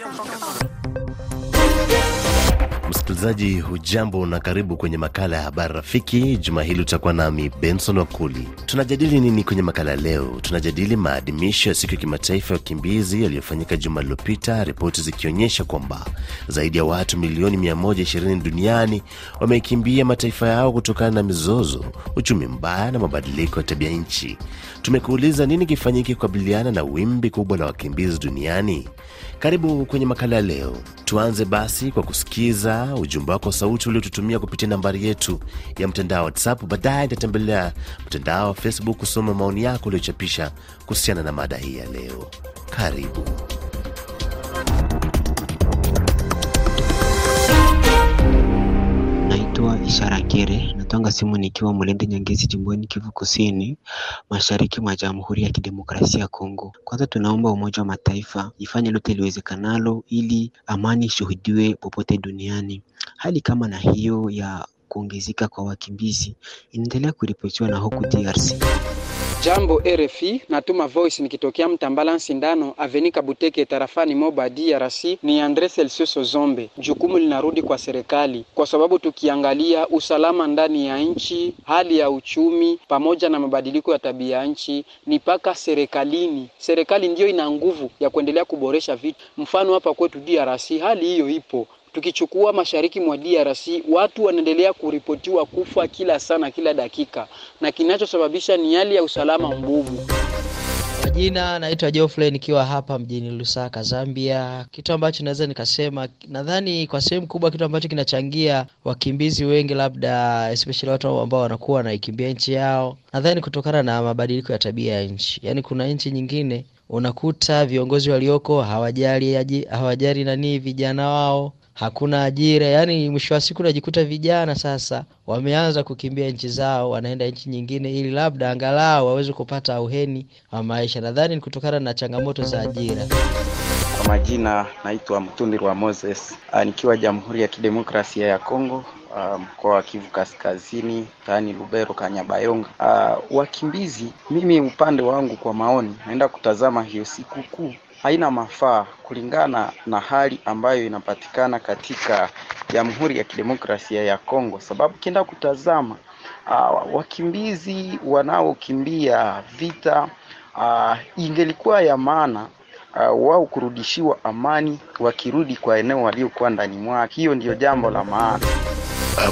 三九八。Msikilizaji hujambo na karibu kwenye makala ya habari rafiki. Juma hili utakuwa nami Benson Wakuli. Tunajadili nini kwenye makala leo? Tunajadili maadhimisho ya siku ya kimataifa ya wakimbizi yaliyofanyika juma lililopita, ripoti zikionyesha kwamba zaidi ya watu milioni 120 duniani wamekimbia mataifa yao kutokana na mizozo, uchumi mbaya na mabadiliko ya tabia nchi. Tumekuuliza nini kifanyike kukabiliana na wimbi kubwa la wakimbizi duniani. Karibu kwenye makala ya leo. Tuanze basi kwa kusikiza ujumbe wako wa sauti uliotutumia kupitia nambari yetu ya mtandao WhatsApp. Baadaye nitatembelea mtandao wa Facebook kusoma maoni yako uliochapisha kuhusiana na mada hii ya leo. Karibu. Naitwa Ishara Kere Natanga simu nikiwa mlende Nyangezi, jimboni Kivu Kusini, mashariki mwa Jamhuri ya Kidemokrasia ya Kongo. Kwanza tunaomba Umoja wa Mataifa ifanye lote liwezekanalo ili amani ishuhudiwe popote duniani. Hali kama na hiyo ya kuongezeka kwa wakimbizi inaendelea kuripotiwa na huku DRC. Jambo RFI, natuma voice nikitokea Mtambala Sindano Avenika Buteke tarafani Moba DRC. Ni Andre Celsius Zombe. Jukumu linarudi kwa serikali, kwa sababu tukiangalia usalama ndani ya nchi, hali ya uchumi pamoja na mabadiliko ya tabia ya nchi ni paka serikalini. Serikali ndiyo ina nguvu ya kuendelea kuboresha vitu. Mfano hapa kwetu DRC hali hiyo ipo, Tukichukua mashariki mwa DRC, watu wanaendelea kuripotiwa kufa kila sana kila dakika, na kinachosababisha ni hali ya usalama mbovu. Jina naitwa Geoffrey nikiwa hapa mjini Lusaka, Zambia. Kitu ambacho naweza nikasema, nadhani kwa sehemu kubwa kitu ambacho kinachangia wakimbizi wengi, labda especially watu ambao wanakuwa wanaikimbia nchi yao, nadhani kutokana na mabadiliko ya tabia ya nchi. Yaani kuna nchi nyingine unakuta viongozi walioko hawajali hawajali nani vijana wao hakuna ajira. Yani mwisho wa siku unajikuta vijana sasa wameanza kukimbia nchi zao, wanaenda nchi nyingine, ili labda angalau waweze kupata auheni wa maisha. Nadhani ni kutokana na changamoto za ajira. Kwa majina naitwa wa Moses, ah, nikiwa Jamhuri ya Kidemokrasia ya congo ah, mkoa um, wa Kivu Kaskazini, taani Lubero, Kanyabayonga. Uh, wakimbizi, mimi upande wangu kwa maoni, naenda kutazama hiyo sikukuu haina mafaa kulingana na hali ambayo inapatikana katika Jamhuri ya Kidemokrasia ya Kongo, sababu kienda kutazama uh, wakimbizi wanaokimbia vita uh, ingelikuwa ya maana uh, wao kurudishiwa amani wakirudi kwa eneo waliokuwa ndani mwake. Hiyo ndiyo jambo la maana.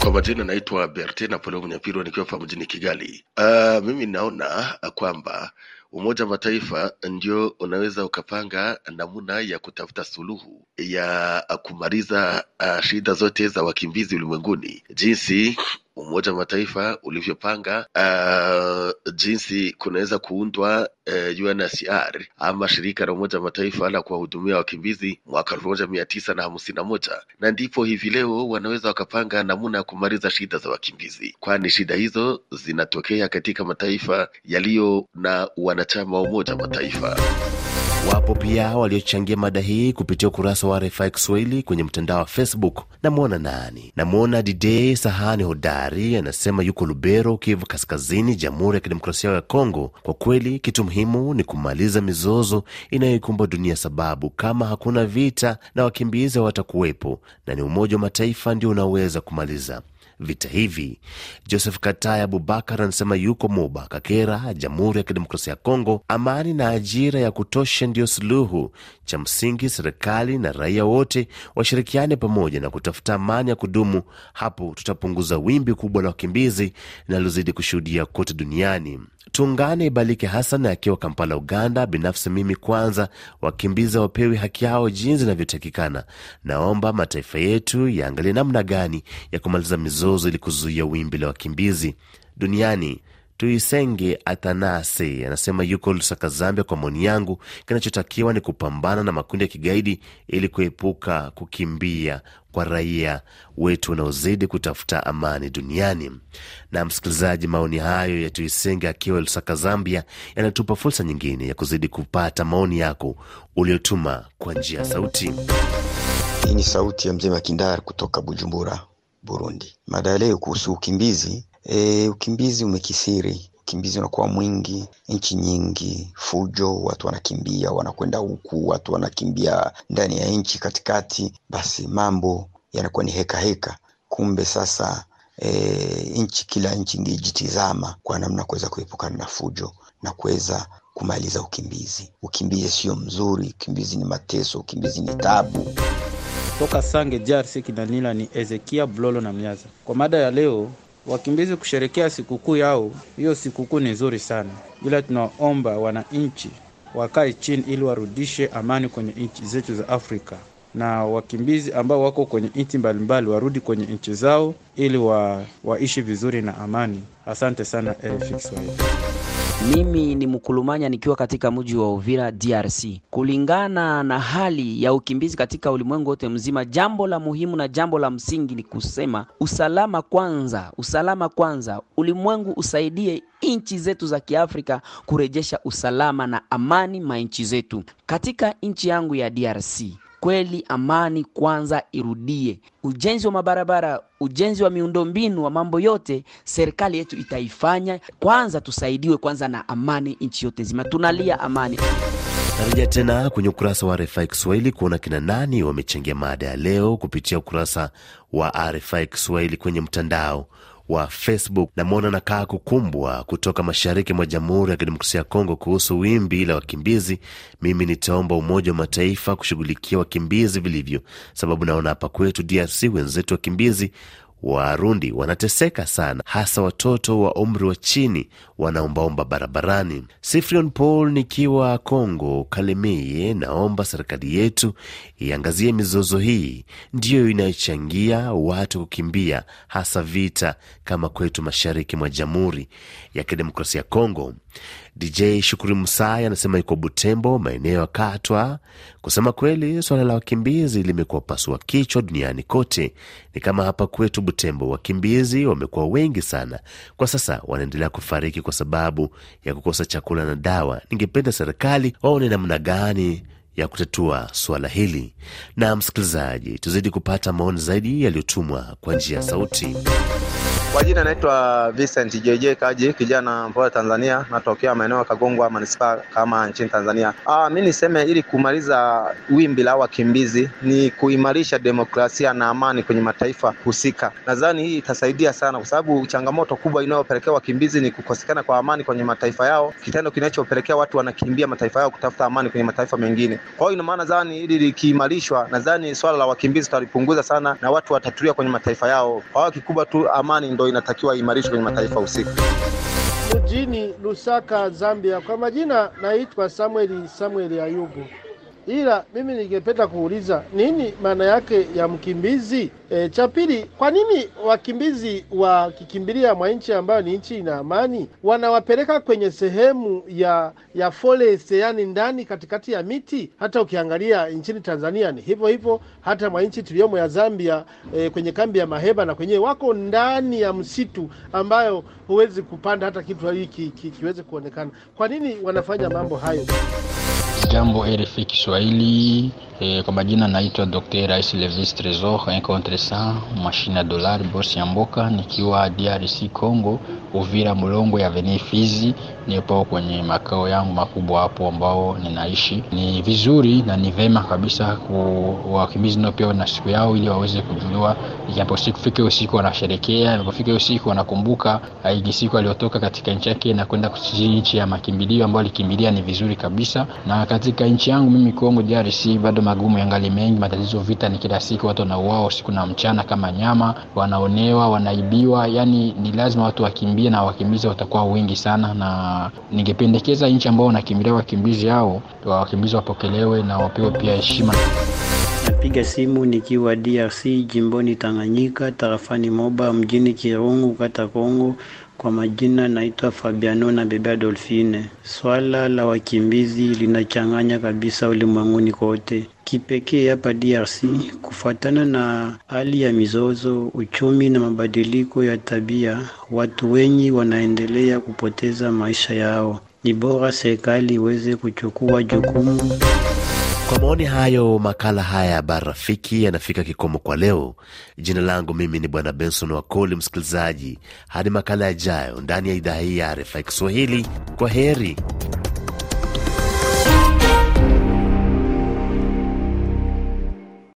Kwa majina naitwa Berte Napoleo Munyapirwa nikiwa hapa mjini Kigali. Uh, mimi naona kwamba Umoja wa Mataifa ndio unaweza ukapanga namna ya kutafuta suluhu ya kumaliza shida zote za wakimbizi ulimwenguni jinsi Umoja wa Mataifa ulivyopanga uh, jinsi kunaweza kuundwa uh, e, UNHCR ama shirika la Umoja wa Mataifa la kuwahudumia wakimbizi mwaka elfu moja mia tisa na hamsini na moja na ndipo hivi leo wanaweza wakapanga namna ya kumaliza shida za wakimbizi, kwani shida hizo zinatokea katika mataifa yaliyo na wana wanachama wa Umoja Mataifa. Wapo pia waliochangia mada hii kupitia ukurasa wa RFI Kiswahili kwenye mtandao wa Facebook. Namwona nani? Namwona Didei Sahani Hodari, anasema yuko Lubero, Kivu Kaskazini, Jamhuri ya Kidemokrasia ya Kongo. Kwa kweli, kitu muhimu ni kumaliza mizozo inayoikumba dunia, sababu kama hakuna vita na wakimbizi watakuwepo, na ni Umoja wa Mataifa ndio unaweza kumaliza vita hivi. Joseph Katai Abubakar anasema yuko Moba Kakera, Jamhuri ya Kidemokrasia ya Kongo. Amani na ajira ya kutosha ndiyo suluhu. Cha msingi serikali na raia wote washirikiane pamoja na kutafuta amani ya kudumu. Hapo tutapunguza wimbi kubwa la wakimbizi linalozidi kushuhudia kote duniani. Tuungane Ibalike Hasan akiwa Kampala, Uganda. Binafsi mimi kwanza, wakimbizi wapewi haki yao jinsi inavyotakikana. Naomba mataifa yetu yaangalie namna gani ya kumaliza mizozo mizozo ili kuzuia wimbi la wakimbizi duniani. Tuisenge Atanase anasema yuko Lusaka, Zambia. Kwa maoni yangu, kinachotakiwa ni kupambana na makundi ya kigaidi ili kuepuka kukimbia kwa raia wetu wanaozidi kutafuta amani duniani. Na msikilizaji, maoni hayo ya Tuisenge akiwa Lusaka, Zambia, yanatupa fursa nyingine ya kuzidi kupata maoni yako uliotuma kwa njia ya sauti. Hii ni sauti ya mzee Makindari kutoka Bujumbura. Burundi. Mada ya leo kuhusu ukimbizi. E, ukimbizi umekisiri ukimbizi unakuwa mwingi, nchi nyingi, fujo, watu wanakimbia, wanakwenda huku, watu wanakimbia ndani ya nchi katikati, basi mambo yanakuwa ni heka heka. Kumbe sasa e, nchi kila nchi ingejitizama kwa namna kuweza kuepukana na fujo na kuweza kumaliza ukimbizi. Ukimbizi sio mzuri, ukimbizi ni mateso, ukimbizi ni tabu. Toka Sange DRC, kinanila ni Ezekia Blolo na miaza Kwa mada ya leo, wakimbizi kusherekea sikukuu yao, hiyo sikukuu ni nzuri sana, ila tunaomba wananchi wakae chini ili warudishe amani kwenye nchi zetu za Afrika, na wakimbizi ambao wako kwenye nchi mbalimbali warudi kwenye nchi zao ili wa, waishi vizuri na amani. Asante sana RFI Kiswahili. Mimi ni mkulumanya nikiwa katika mji wa Uvira DRC. Kulingana na hali ya ukimbizi katika ulimwengu wote mzima, jambo la muhimu na jambo la msingi ni kusema usalama kwanza, usalama kwanza. Ulimwengu usaidie nchi zetu za Kiafrika kurejesha usalama na amani manchi zetu. Katika nchi yangu ya DRC kweli amani kwanza irudie. Ujenzi wa mabarabara, ujenzi wa miundombinu, wa mambo yote serikali yetu itaifanya. Kwanza tusaidiwe kwanza na amani, nchi yote nzima tunalia amani. Narejea tena kwenye ukurasa wa RFI Kiswahili kuona kina nani wamechangia mada ya leo kupitia ukurasa wa RFI Kiswahili kwenye mtandao wa Facebook. Namwona nakaa kukumbwa kutoka mashariki mwa Jamhuri ya Kidemokrasia ya Kongo kuhusu wimbi la wakimbizi. Mimi nitaomba Umoja wa Mataifa kushughulikia wakimbizi vilivyo, sababu naona hapa kwetu DRC wenzetu wakimbizi Warundi wanateseka sana, hasa watoto wa umri wa chini wanaombaomba barabarani. Sifrion Paul nikiwa Kongo Kalemie, naomba serikali yetu iangazie mizozo hii, ndiyo inayochangia watu kukimbia, hasa vita kama kwetu mashariki mwa Jamhuri ya Kidemokrasia ya Kongo. DJ Shukuri Msai anasema iko Butembo, maeneo ya Katwa. Kusema kweli, swala la wakimbizi limekuwa pasua kichwa duniani kote. Ni kama hapa kwetu Butembo, wakimbizi wamekuwa wengi sana. Kwa sasa wanaendelea kufariki kwa sababu ya kukosa chakula na dawa. Ningependa serikali waone namna gani ya kutatua suala hili. Na msikilizaji, tuzidi kupata maoni zaidi yaliyotumwa kwa njia ya sauti. Kwa jina naitwa Vincent JJ Kaji, kijana mpoa Tanzania, natokea maeneo ya Kagongwa manispa kama nchini Tanzania. Ah, mimi niseme ili kumaliza wimbi la wakimbizi ni kuimarisha demokrasia na amani kwenye mataifa husika. Nadhani hii itasaidia sana, kwa sababu changamoto kubwa inayopelekea wakimbizi ni kukosekana kwa amani kwenye mataifa yao, kitendo kinachopelekea watu wanakimbia mataifa yao kutafuta amani kwenye mataifa mengine. Kwa hiyo ina maana dhani ili likiimarishwa, nadhani swala la wakimbizi tutalipunguza sana na watu watatulia kwenye mataifa yao. Kwa hiyo kikubwa tu amani ndo ndo inatakiwa imarishwe kwenye mataifa husika. Mjini Lusaka, Zambia. Kwa majina naitwa Samueli Samueli Ayubu ila mimi ningependa kuuliza nini maana yake ya mkimbizi? E, cha pili, kwa nini wakimbizi wakikimbilia mwa nchi ambayo ni nchi ina amani wanawapeleka kwenye sehemu ya ya forest, yani ndani katikati ya miti? Hata ukiangalia nchini Tanzania ni hivyo hivyo, hata mwa nchi tuliyomo ya Zambia e, kwenye kambi ya Maheba na kwenyewe wako ndani ya msitu ambayo huwezi kupanda hata kitu hiki ki, ki, kiweze kuonekana. Kwa nini wanafanya mambo hayo? Jambo RFI Kiswahili e, kwa majina naitwa Dr. Rais Levis Tresor Incontresa mashina ya dolari bosi ya mboka, nikiwa DRC Congo, Uvira Mlongo ya Avenue Fizi. Nipo kwenye makao yangu makubwa hapo ambao ninaishi. Ni vizuri na ni vema kabisa wakimbizi nao pia na siku yao, ili waweze kujua siku fike usiku wanasherekea, inapofika usiku wanakumbuka hii siku aliotoka katika nchi yake na kwenda nchi ya makimbilio ambayo alikimbilia. Ni vizuri kabisa na wakati katika nchi yangu mimi Kongo DRC bado magumu yangali mengi, matatizo, vita ni kila siku, watu wanauawa usiku na mchana kama nyama, wanaonewa, wanaibiwa, yani ni lazima watu wakimbie na wakimbizi watakuwa wengi sana, na ningependekeza nchi ambao wanakimbilia wakimbizi hao, wakimbizi wapokelewe na wapewe pia heshima. Napiga simu nikiwa DRC jimboni Tanganyika tarafani Moba mjini Kirungu kata Kongo kwa majina naitwa Fabiano na Bebe Adolfine. Swala la wakimbizi linachanganya kabisa ulimwenguni kote, kipekee hapa DRC kufuatana na hali ya mizozo, uchumi na mabadiliko ya tabia. Watu wengi wanaendelea kupoteza maisha yao. Ni bora serikali iweze kuchukua jukumu kwa maoni hayo, makala haya ya bara Rafiki yanafika kikomo kwa leo. Jina langu mimi ni Bwana Benson Wakoli. Msikilizaji, hadi makala yajayo ndani ya idhaa hii ya RFI Kiswahili, kwa heri.